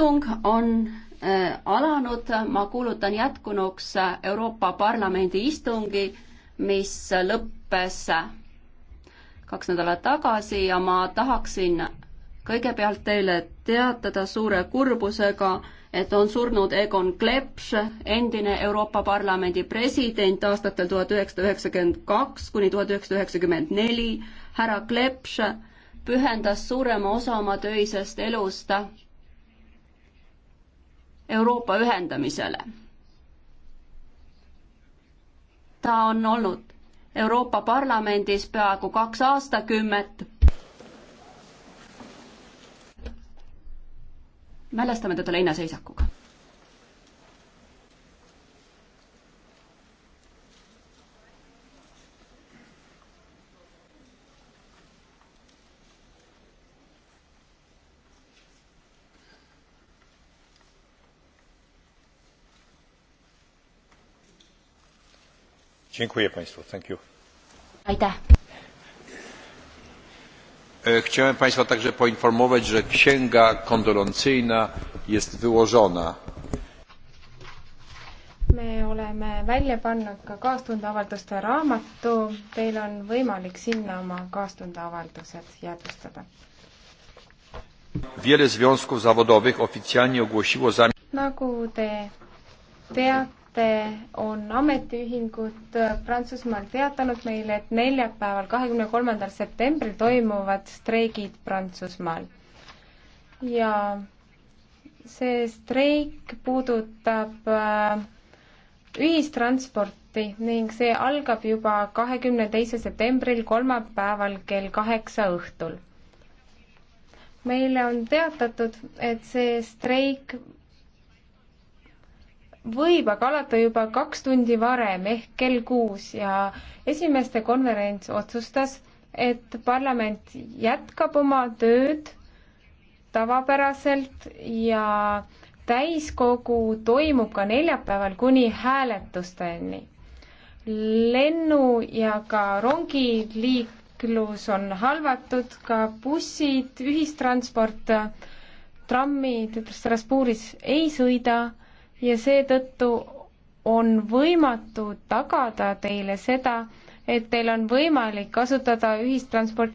istung on äh, alanud, ma kuulutan jätkunuks Euroopa Parlamendi istungi, mis lõppes kaks nädalat tagasi ja ma tahaksin kõigepealt teile teatada suure kurbusega, et on surnud Egon Klepš, endine Euroopa Parlamendi president aastatel tuhat üheksasada üheksakümmend kaks kuni tuhat üheksasada üheksakümmend neli. härra Klepš pühendas suurema osa oma töisest elust Euroopa ühendamisele. ta on olnud Euroopa Parlamendis peaaegu kaks aastakümmet. mälestame teda leinaseisakuga aitäh! E, chciałem państwa także poinformować że księga kondolencyjna jest wyłożona. me oleme välja pannud ka kaastundeavalduste raamatu teil on võimalik sinna oma kaastundeavaldused jäädvustada. wiele związków zawodowych oficjalnie ogłosiło zamiar nagu te teate on ametiühingud Prantsusmaal teatanud meile, et neljapäeval, kahekümne kolmandal septembril toimuvad streigid Prantsusmaal. ja see streik puudutab äh, ühistransporti ning see algab juba kahekümne teisel septembril, kolmapäeval kell kaheksa õhtul. meile on teatatud, et see streik võib aga alata juba kaks tundi varem ehk kell kuus ja esimeste konverents otsustas, et parlament jätkab oma tööd tavapäraselt ja täiskogu toimub ka neljapäeval kuni hääletusteni. lennu ja ka rongiliiklus on halvatud, ka bussid, ühistransport, trammid Strasbourgis ei sõida ja seetõttu on võimatu tagada teile seda, et teil on võimalik kasutada ühistransporti